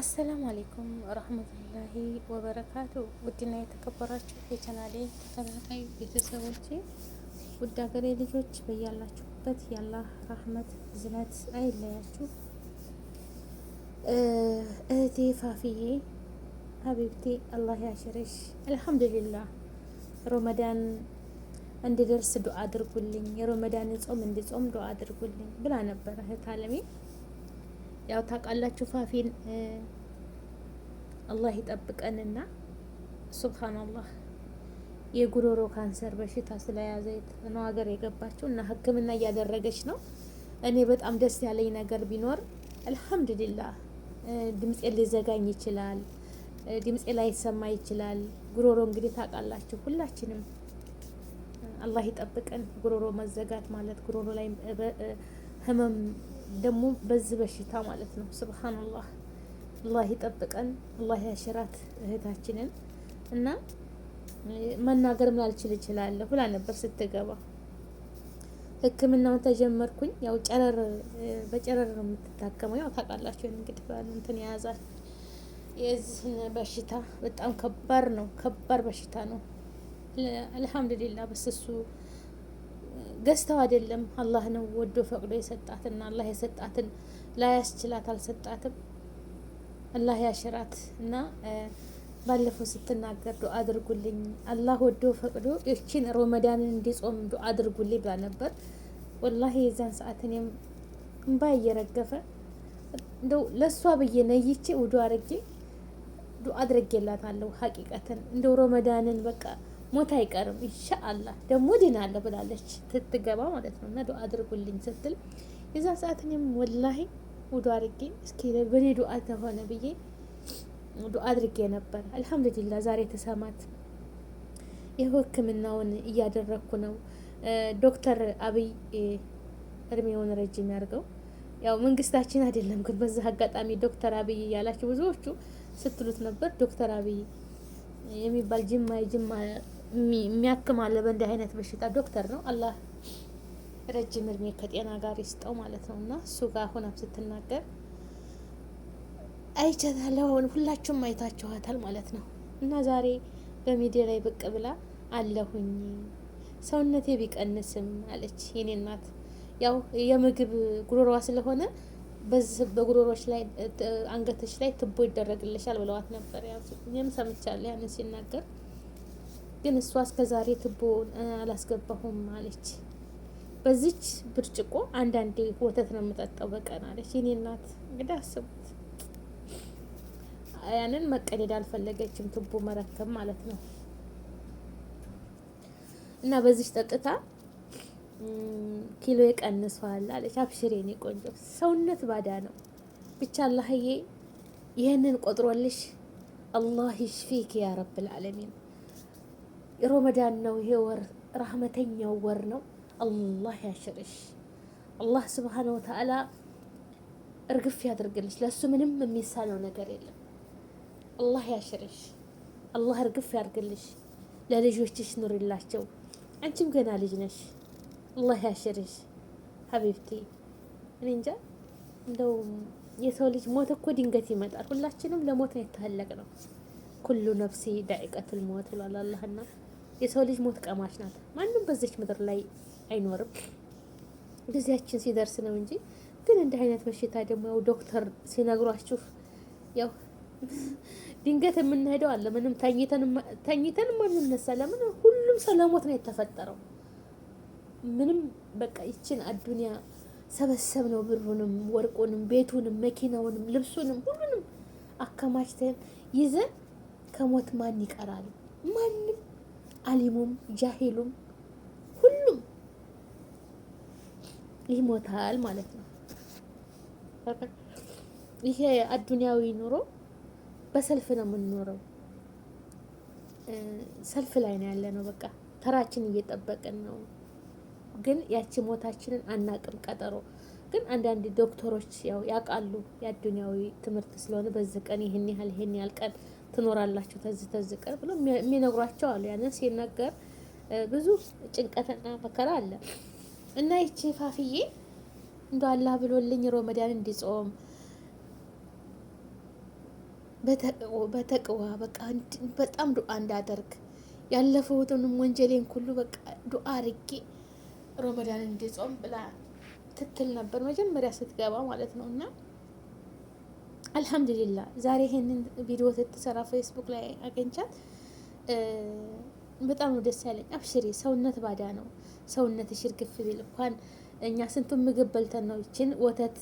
አሰላሙ አሌይኩም ረህመቱላሂ ወበረካቱ። ውድና የተከበራችሁ የቻናሌ ተከታታይ ቤተሰቦች ውድ ሀገሬ ልጆች በያላችሁበት የአላህ ረህመት ዝነት አይለያችሁ። እህቴ ፋፊዬ ሀቢብቴ አላህ ያሽርሽ። አልሐምዱሊላህ ሮመዳን እንዲደርስ ዱአ አድርጉልኝ፣ የሮመዳን ጾም እንዲጾም ዱአ አድርጉልኝ ብላ ነበረ እህት አለሜ ያው ታውቃላችሁ ፋፊን አላህ ይጠብቀንና ሱብሃንአላህ የጉሮሮ ካንሰር በሽታ ስለያዘ ነው ሀገር የገባችው እና ሕክምና እያደረገች ነው። እኔ በጣም ደስ ያለኝ ነገር ቢኖር አልሐምዱሊላህ ድምጼ ሊዘጋኝ ይችላል፣ ድምጼ ላይሰማ ይችላል። ጉሮሮ እንግዲህ ታውቃላችሁ ሁላችንም አላህ ይጠብቀን። ጉሮሮ መዘጋት ማለት ጉሮሮ ላይ ህመም ደግሞ በዚህ በሽታ ማለት ነው። ስብሓንላህ አላህ ይጠብቀን፣ አላህ ያሽራት እህታችንን እና መናገር አልችል እችላለሁ ብላ ነበር ስትገባ ሕክምናውን ተጀመርኩኝ። ያው ጨረር በጨረር ነው የምትታከመው። ያው ታውቃላችሁ እንግዲህ እንትን የያዛል የዚህን በሽታ በጣም ከባድ ነው፣ ከባድ በሽታ ነው። አልሐምዱሊላ በስሱ ገዝተው አይደለም አላህ ነው ወዶ ፈቅዶ የሰጣትና አላህ የሰጣትን ላያስችላት አልሰጣትም። አላህ ያሽራት እና ባለፈው ስትናገር ዱአ አድርጉልኝ አላህ ወዶ ፈቅዶ እቺን ሮመዳንን እንዲጾም ዱአ አድርጉልኝ ብላ ነበር። ወላሂ የዛን ሰዓት እኔም እንባ እየረገፈ እንደው ለእሷ ብዬ ነይቼ ውዱ አድርጌ ዱአ አድርጌላታለሁ። ሀቂቀትን እንደው ሮመዳንን በቃ ሞት አይቀርም ኢንሻአላህ። ደግሞ ድናለሁ ብላለች ስትገባ ማለት ነው። እና ዱአ አድርጉልኝ ስትል የዛ ሰዓት እኔም ወላሂ ውዱ አድርጌ እስኪ በእኔ ዱአ ተሆነ ብዬ ዱአ አድርጌ ነበር። አልሐምዱሊላህ ዛሬ ተሰማት። የሕክምናውን እያደረግኩ ነው። ዶክተር አብይ እድሜውን ረጅም ያድርገው። ያው መንግስታችን አይደለም ግን በዛ አጋጣሚ ዶክተር አብይ እያላችሁ ብዙዎቹ ስትሉት ነበር። ዶክተር አብይ የሚባል ጅማ የጅማ የሚያክማለ አለ በእንዲህ አይነት በሽታ ዶክተር ነው። አላህ ረጅም እድሜ ከጤና ጋር ይስጠው ማለት ነው። እና እሱ ጋር ሆናም ስትናገር አይቻታለሁ። ሁላችሁም አይታችኋታል ማለት ነው። እና ዛሬ በሚዲያ ላይ ብቅ ብላ አለሁኝ ሰውነቴ ቢቀንስም አለች የኔ እናት። ያው የምግብ ጉሮሯ ስለሆነ በዚህ በጉሮሮች ላይ አንገቶች ላይ ትቦ ይደረግልሻል ብለዋት ነበር። ያው እኔም ሰምቻለሁ ያንን ሲናገር ግን እሷ እስከ ዛሬ ትቦ አላስገባሁም አለች። በዚች ብርጭቆ አንዳንዴ ወተት ነው የምጠጣው በቀን አለች። የኔ እናት እንግዲህ አስቡት። ያንን መቀደድ አልፈለገችም፣ ትቦ መረከብ ማለት ነው። እና በዚች ጠጥታ ኪሎ የቀንሷል አለች። አብሽሬ የኔ ቆንጆ ሰውነት ባዳ ነው። ብቻ አላህዬ ይህንን ቆጥሮልሽ አላህ ይሽፊክ ያ ረብል ረመዳን ነው ይሄ ወር፣ ራህመተኛው ወር ነው። አላህ ያሽርሽ። አላህ ስብሓነ ወተዓላ እርግፍ ያድርግልሽ። ለእሱ ምንም የሚሳነው ነገር የለም። አላህ ያሽርሽ። አላህ እርግፍ ያድርግልሽ። ለልጆችሽ ኑሪላቸው። አንቺም ገና ልጅ ነሽ። አላህ ያሽርሽ ሀቢብቲ። እኔ እንጃ እንደው የሰው ልጅ ሞት እኮ ድንገት ይመጣል። ሁላችንም ለሞት ነው የተፈለግነው። ኩሉ ነፍሲ ዳኢቀትል ሞት ይሏል አላህና የሰው ልጅ ሞት ቀማች ናት። ማንም በዚች ምድር ላይ አይኖርም። ጊዜያችን ሲደርስ ነው እንጂ ግን እንዲህ አይነት በሽታ ደግሞ ያው ዶክተር ሲነግሯችሁ ያው ድንገት የምንሄደው አለ። ምንም ተኝተን ማንነሳ ለምን ሁሉም ሰው ለሞት ነው የተፈጠረው። ምንም በቃ ይችን አዱንያ ሰበሰብ ነው ብሩንም፣ ወርቁንም፣ ቤቱንም፣ መኪናውንም፣ ልብሱንም ሁሉንም አከማችተን ይዘን ከሞት ማን ይቀራል? ማንም፣ አሊሙም ጃሂሉም ሁሉም ይሞታል ማለት ነው። ይሄ አዱንያዊ ኑሮ በሰልፍ ነው የምንኖረው። ሰልፍ ላይ ነው ያለ ነው። በቃ ተራችን እየጠበቅን ነው። ግን ያቺ ሞታችንን አናቅም። ቀጠሮ ግን አንዳንድ ዶክተሮች ያው ያውቃሉ የአዱንያዊ ትምህርት ስለሆነ በዚህ ቀን ይህን ያህል ይህን ያህል ቀን ትኖራላችሁ ተዝ ተዝ ቀር ብሎ የሚነግሯቸው አሉ። ያንን ሲነገር ብዙ ጭንቀትና መከራ አለ እና ይቺ ፋፍዬ እንደ አላህ ብሎልኝ ሮመዳን እንዲጾም በተቅዋ በቃ በጣም ዱአ እንዳደርግ ያለፈውትንም ወንጀሌን ሁሉ በቃ ዱአ አርጌ ሮመዳን እንዲጾም ብላ ትትል ነበር መጀመሪያ ስትገባ ማለት ነው እና አልሐምዱሊላ ዛሬ ይሄንን ቪዲዮ ስትሰራ ፌስቡክ ላይ አገኝቻት በጣም ነው ደስ ያለኝ። አብሽሪ ሰውነት ባዳ ነው። ሰውነት ሽርግፍ ቢል እንኳን እኛ ስንቱን ምግብ በልተን ነው ይችን ወተት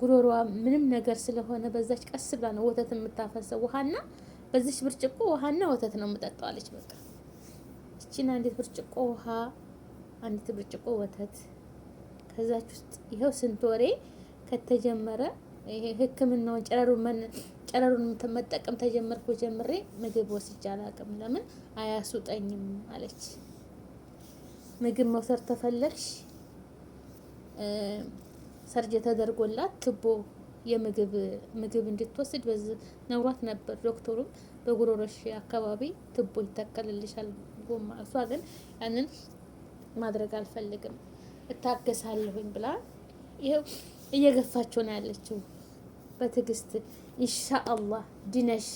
ጉሮሮዋ ምንም ነገር ስለሆነ በዛች ቀስ ብላ ነው ወተት የምታፈሰው። ውሃና በዚች ብርጭቆ ውሃና ወተት ነው የምጠጣዋለች። በቃ እቺን አንዲት ብርጭቆ ውሃ አንዲት ብርጭቆ ወተት ከዛች ውስጥ ይኸው ስንት ወሬ ከተጀመረ ይሄ ህክምናውን ጨረሩን መጠቀም ተጀመርኩ። ጀምሬ ምግብ ወስጄ አላውቅም፣ ለምን አያሱጠኝም አለች። ምግብ መውሰድ ተፈለግሽ ሰርጀ ተደርጎላት ትቦ የምግብ ምግብ እንድትወስድ በዚ ነውሯት ነበር። ዶክተሩም በጉሮሮሽ አካባቢ ትቦ ይተከልልሻል ጎማ። እሷ ግን ያንን ማድረግ አልፈልግም እታገሳለሁኝ ብላ ይኸው እየገፋቸው ነው ያለችው። በትዕግስት ኢንሻአላህ ድነሽ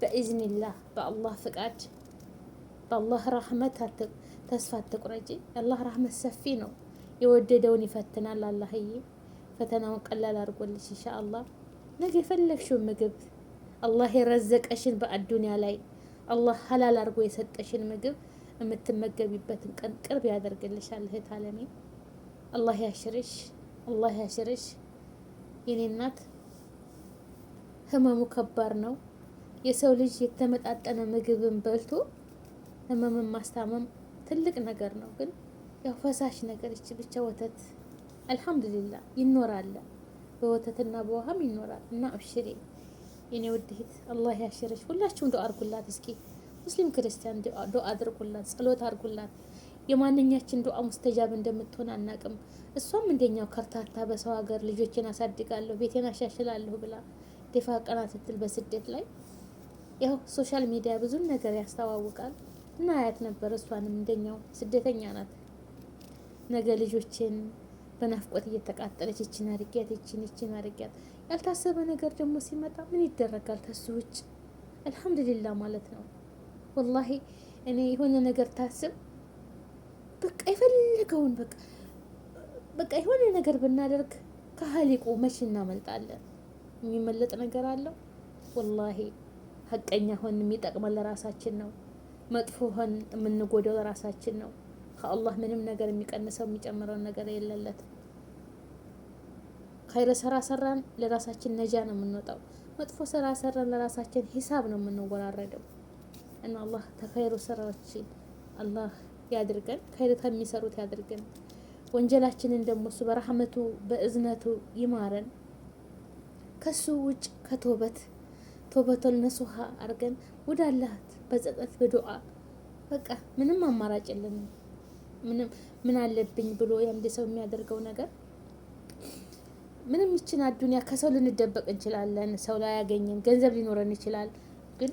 በኢዝኒላህ በአላህ ፍቃድ በአላህ ራህመት ተስፋ አትቁረጪ። የአላህ ራህመት ሰፊ ነው፣ የወደደውን ይፈትናል። አላህዬ ፈተናውን ቀላል አድርጎልሽ ኢንሻአላህ ነገ የፈለግሽው ምግብ አላህ የረዘቀሽን በአዱንያ ላይ አላህ ሀላል አድርጎ የሰጠሽን ምግብ የምትመገቢበትን ቀን ቅርብ ያደርግልሻል። እህት አለሜ አላህ ያሽርሽ። አላህ ያሽርሽ የኔ እናት። ህመሙ ከባድ ነው። የሰው ልጅ የተመጣጠነ ምግብን በልቶ ህመምን ማስታመም ትልቅ ነገር ነው። ግን ያው ፈሳሽ ነገር ይች ብቻ ወተት አልሐምዱሊላ ይኖራል፣ በወተትና በውሃም ይኖራል። እና አብሽሬ የኔ ውድህት አላህ ያሽርሽ። ሁላችሁም ዶ አድርጉላት እስኪ ሙስሊም ክርስቲያን ዶ አድርጉላት፣ ጸሎት አድርጉላት። የማንኛችን ዱዓ ሙስተጃብ እንደምትሆን አናቅም። እሷም እንደኛው ከርታታ በሰው ሀገር ልጆችን አሳድጋለሁ፣ ቤቴን አሻሽላለሁ ብላ ደፋ ቀና ስትል በስደት ላይ ያው ሶሻል ሚዲያ ብዙም ነገር ያስተዋውቃል እና አያት ነበር። እሷንም እንደኛው ስደተኛ ናት። ነገ ልጆችን በናፍቆት እየተቃጠለች ይችን አርጊያት፣ ይችን ይችን አርጊያት። ያልታሰበ ነገር ደግሞ ሲመጣ ምን ይደረጋል? ተሱ ውጭ አልሐምዱሊላ ማለት ነው። ወላሂ እኔ የሆነ ነገር ታስብ በቃ የፈለገውን በቃ በቃ የሆነ ነገር ብናደርግ ከሀሊቁ መቼ እናመልጣለን? የሚመለጥ ነገር አለው? ወላሂ ሀቀኛ ሆን የሚጠቅመን ለራሳችን ነው። መጥፎ ሆን የምንጎደው ለራሳችን ነው። ከአላህ ምንም ነገር የሚቀንሰው የሚጨምረው ነገር የለለት ኸይረ ስራ ሰራን ለራሳችን ነጃ ነው የምንወጣው። መጥፎ ስራ ሰራን ለራሳችን ሂሳብ ነው የምንወራረደው እና አላህ ተኸይሩ ስራዎች አላህ ያድርገን፣ ከይር ከሚሰሩት ያድርገን። ወንጀላችንን ደግሞ እሱ በረህመቱ በእዝነቱ ይማረን። ከሱ ውጭ ከቶበት ቶበቶል ነሱሃ አድርገን ወደ አላህ በጸጠት በዱዓ በቃ ምንም አማራጭ የለንም። ምንም ምን አለብኝ ብሎ የአንድ ሰው የሚያደርገው ነገር ምንም ይችን አዱንያ ከሰው ልንደበቅ እንችላለን። ሰው ላይ ያገኘን ገንዘብ ሊኖረን ይችላል፣ ግን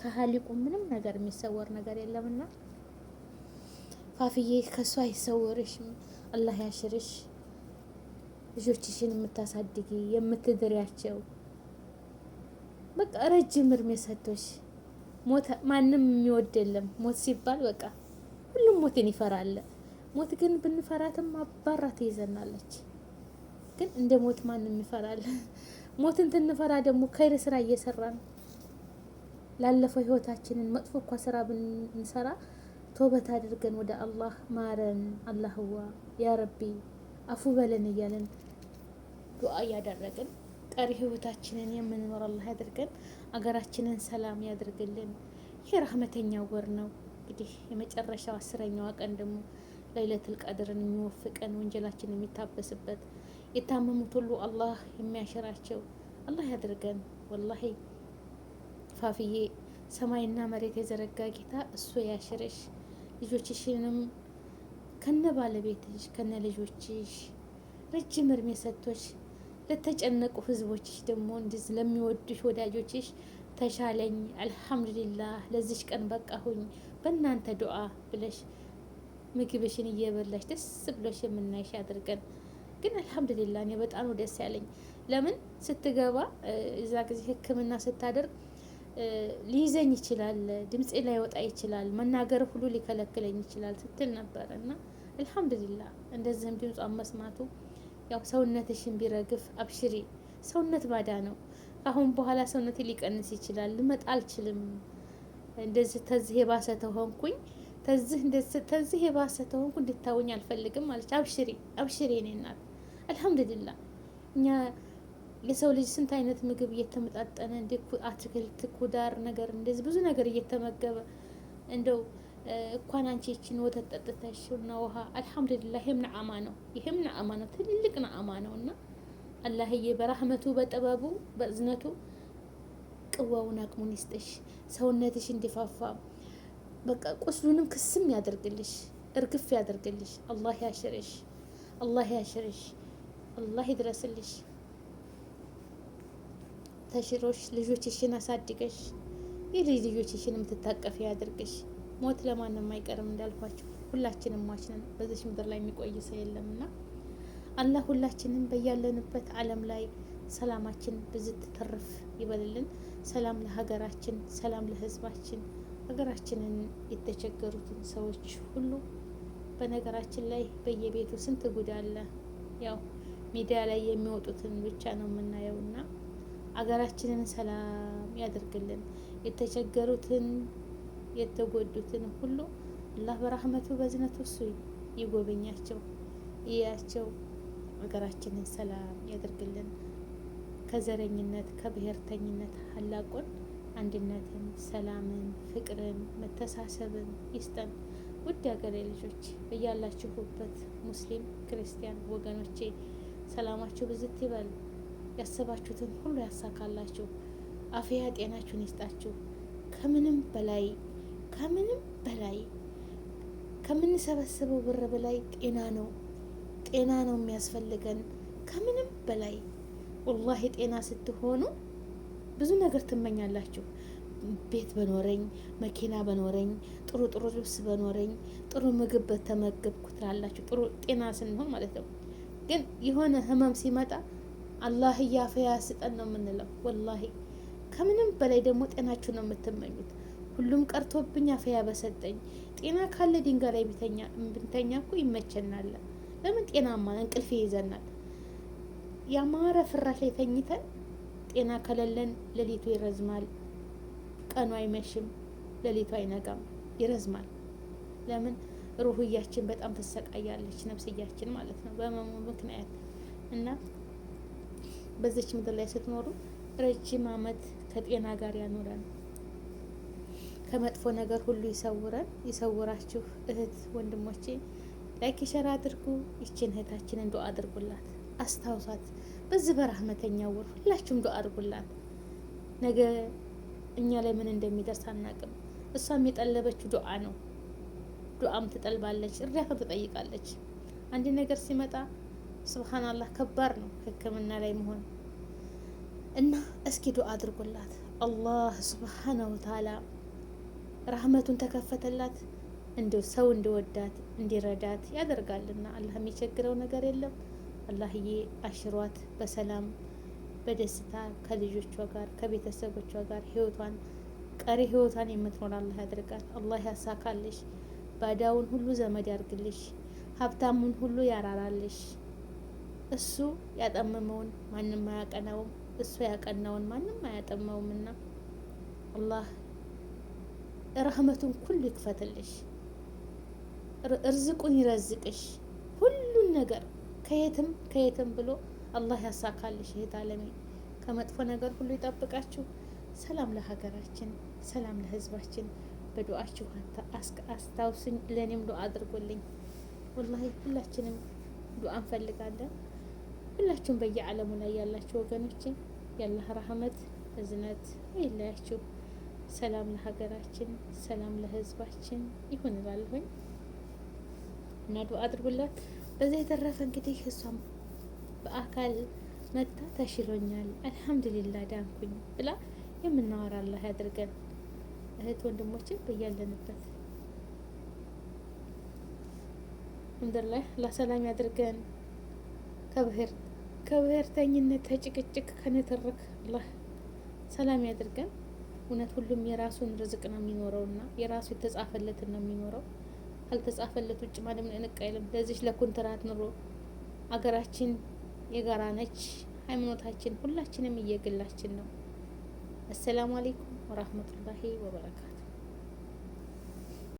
ከሀሊቁ ምንም ነገር የሚሰወር ነገር የለምና ፋፍዬ ከእሱ አይሰወርሽም። አላህ ያሽርሽ። ልጆችሽን የምታሳድጊ የምትድሪያቸው በቃ ረጅም እርሜ ሰቶች ሞት ማንም የሚወድ የለም። ሞት ሲባል በቃ ሁሉም ሞትን ይፈራል። ሞት ግን ብንፈራትም አባራ ትይዘናለች። ግን እንደ ሞት ማንም ይፈራል። ሞትን ትንፈራ ደግሞ ከይር ስራ እየሰራን ላለፈው ህይወታችንን መጥፎ እኳ ስራ ብንሰራ ተውበት አድርገን ወደ አላህ ማረን። አላህዋ ያ ረቢ አፉ በለን እያለን ዱአ እያደረግን ቀሪ ህይወታችንን የምንኖር አላህ ያድርገን። አገራችንን ሰላም ያድርግልን። ይህ ረህመተኛ ወር ነው እንግዲህ የመጨረሻው አስረኛዋ ቀን ደግሞ ለይለቱል ቀድርን የሚወፍቀን ወንጀላችን የሚታበስበት የታመሙት ሁሉ አላህ የሚያሽራቸው አላህ ያድርገን። ወላሂ ፋፍዬ ሰማይና መሬት የዘረጋ ጌታ እሱ ያሽርሽ። ልጆችሽንም ከነ ባለቤትሽ ከነ ልጆችሽ ረጅም እርሜ ሰጥቶሽ ለተጨነቁ ህዝቦችሽ ደግሞ እንዲህ ለሚወዱሽ ወዳጆችሽ ተሻለኝ፣ አልሐምዱሊላህ ለዚች ቀን በቃሁኝ በእናንተ ዱዓ ብለሽ ምግብሽን እየበላሽ ደስ ብሎሽ የምናይሽ አድርገን። ግን አልሐምዱሊላህ እኔ በጣም ደስ ያለኝ ለምን ስትገባ እዛ ጊዜ ህክምና ስታደርግ ሊይዘኝ ይችላል፣ ድምፄ ላይወጣ ይችላል፣ መናገር ሁሉ ሊከለክለኝ ይችላል ስትል ነበር እና አልሐምዱሊላ እንደዚህም ድምጿን መስማቱ ያው ሰውነትሽን ቢረግፍ አብሽሪ፣ ሰውነት ባዳ ነው። ከአሁን በኋላ ሰውነት ሊቀንስ ይችላል፣ ልመጣ አልችልም። እንደዚህ ተዚህ የባሰ ተሆንኩኝ ተዚህ ተዚህ የባሰ ተሆንኩ እንድታወኝ አልፈልግም አለች። አብሽሪ አብሽሪ፣ እኔ እናት አልሐምዱሊላ እኛ የሰው ልጅ ስንት አይነት ምግብ እየተመጣጠነ እንደ አትክልት ኩዳር ነገር እንደዚህ ብዙ ነገር እየተመገበ እንደው እኳን አንቺ ይችን ወተት ጠጥተሽ እና ውሃ አልሐምዱሊላህ፣ ይህም ነዓማ ነው፣ ይህም ነዓማ ነው፣ ትልቅ ነዓማ ነው። እና አላህዬ በራህመቱ በጥበቡ በእዝነቱ ቅዋውን አቅሙን ይስጥሽ፣ ሰውነትሽ እንዲፋፋ በቃ ቁስሉንም ክስም ያደርግልሽ፣ እርግፍ ያደርግልሽ። አላህ ያሽርሽ፣ አላህ ያሽርሽ፣ አላህ ይድረስልሽ። ተሽሮሽ ልጆችሽን አሳድገሽ ይህ ልጆችሽን የምትታቀፊ ያድርግሽ። ሞት ለማንም አይቀርም እንዳልኳቸው ሁላችንም ሟች ነን። በዚች ምድር ላይ የሚቆይ ሰው የለም እና አላህ ሁላችንም በያለንበት ዓለም ላይ ሰላማችን ብዝት ትርፍ ይበልልን። ሰላም ለሀገራችን፣ ሰላም ለህዝባችን ሀገራችንን የተቸገሩትን ሰዎች ሁሉ በነገራችን ላይ በየቤቱ ስንት ጉድ አለ። ያው ሚዲያ ላይ የሚወጡትን ብቻ ነው የምናየውና አገራችንን ሰላም ያደርግልን። የተቸገሩትን የተጎዱትን ሁሉ አላህ በራህመቱ በዝነቱ እሱ ይጎበኛቸው እያቸው። አገራችንን ሰላም ያደርግልን። ከዘረኝነት ከብሔርተኝነት ሀላቁን አንድነትን፣ ሰላምን፣ ፍቅርን፣ መተሳሰብን ይስጠን። ውድ ሀገሬ ልጆች በያላችሁበት ሙስሊም ክርስቲያን ወገኖቼ ሰላማችሁ ብዝት ይበል። ያሰባችሁትን ሁሉ ያሳካላችሁ። አፍያ ጤናችሁን ይስጣችሁ። ከምንም በላይ ከምንም በላይ ከምንሰበስበው ብር በላይ ጤና ነው ጤና ነው የሚያስፈልገን ከምንም በላይ ወላሂ ጤና ስትሆኑ ብዙ ነገር ትመኛላችሁ። ቤት በኖረኝ፣ መኪና በኖረኝ፣ ጥሩ ጥሩ ልብስ በኖረኝ፣ ጥሩ ምግብ በተመገብኩ ትላላችሁ። ጥሩ ጤና ስንሆን ማለት ነው። ግን የሆነ ህመም ሲመጣ አላህ እያፈያ ስጠን ነው የምንለው። ወላሂ ከምንም በላይ ደግሞ ጤናችሁ ነው የምትመኙት። ሁሉም ቀርቶብኝ አፈያ በሰጠኝ። ጤና ካለ ድንጋይ ላይ ብንተኛ እኮ ይመቸናል። ለምን ጤናማ እንቅልፍ ይይዘናል። ያማረ ፍራሽ ላይ ተኝተን ጤና ከሌለን ሌሊቱ ይረዝማል። ቀኑ አይመሽም፣ ሌሊቱ አይነጋም፣ ይረዝማል። ለምን ሩህያችን በጣም ትሰቃያለች፣ ነፍስያችን ማለት ነው በመሙ ምክንያት እና በዚች ምድር ላይ ስትኖሩ ረጅም አመት ከጤና ጋር ያኖረን፣ ከመጥፎ ነገር ሁሉ ይሰውረን፣ ይሰውራችሁ። እህት ወንድሞቼ፣ ላይክ ሸር አድርጉ። ይችን እህታችንን ዱአ አድርጉላት፣ አስታውሷት። በዚህ በረህመተኛ ወር ሁላችሁም ዶ አድርጉላት። ነገ እኛ ላይ ምን እንደሚደርስ አናቅም። እሷም የጠለበችው ዱአ ነው። ዱአም ትጠልባለች፣ እርዳታም ትጠይቃለች። አንድ ነገር ሲመጣ አላህ ከባድ ነው ህክምና ላይ መሆን እና እስኪ ዱአ አድርጉላት። አላህ ስብሓነሁ ወተዓላ ረህመቱን ተከፈተላት። እንዲሁ ሰው እንዲወዳት እንዲረዳት ያደርጋልና አላህ የሚቸግረው ነገር የለም። አላህዬ አሽሯት በሰላም በደስታ ከልጆቿ ጋር ከቤተሰቦቿ ጋር ህይወቷን ቀሪ ህይወቷን የምትኖር አላህ ያደርጋል። አላህ ያሳካልሽ። ባዳውን ሁሉ ዘመድ ያርግልሽ። ሀብታሙን ሁሉ ያራራልሽ። እሱ ያጠመመውን ማንም አያቀናውም፣ እሱ ያቀናውን ማንም አያጠመውም። እና አላህ ረህመቱን ሁሉ ይክፈትልሽ፣ እርዝቁን ይረዝቅሽ፣ ሁሉን ነገር ከየትም ከየትም ብሎ አላህ ያሳካልሽ። ይሄት አለሜ ከመጥፎ ነገር ሁሉ ይጠብቃችሁ። ሰላም ለሀገራችን፣ ሰላም ለህዝባችን። በዱአችሁ አስታውስኝ፣ ለእኔም ዱአ አድርጎልኝ። ወላሂ ሁላችንም ዱአ እንፈልጋለን። ሁላችሁም በየዓለሙ ላይ ያላችሁ ወገኖችን የአላህ ረህመት እዝነት አይለያችሁ። ሰላም ለሀገራችን፣ ሰላም ለህዝባችን ይሁን እላለሁኝ እና ዱአ አድርጉላት። በዚያ የተረፈ እንግዲህ እሷም በአካል መታ ተሽሎኛል፣ አልሐምዱሊላ ዳንኩኝ ብላ የምናወራ አላህ ያድርገን። እህት ወንድሞችን በያለንበት ምድር ላይ አላህ ያድርገን። ከብሔር ከብሔርተኝነት ተጭቅጭቅ ከንትርክ አላህ ሰላም ያድርገን። እውነት ሁሉም የራሱን ርዝቅ ነው የሚኖረው እና የራሱ የተጻፈለትን ነው የሚኖረው። ካልተጻፈለት ውጭ ማለም እንቅ አይልም። ለዚች ለኮንትራት ኑሮ አገራችን የጋራ ነች። ሃይማኖታችን ሁላችንም እየግላችን ነው። አሰላሙ አሌይኩም ወራህመቱላሂ ወበረካቱ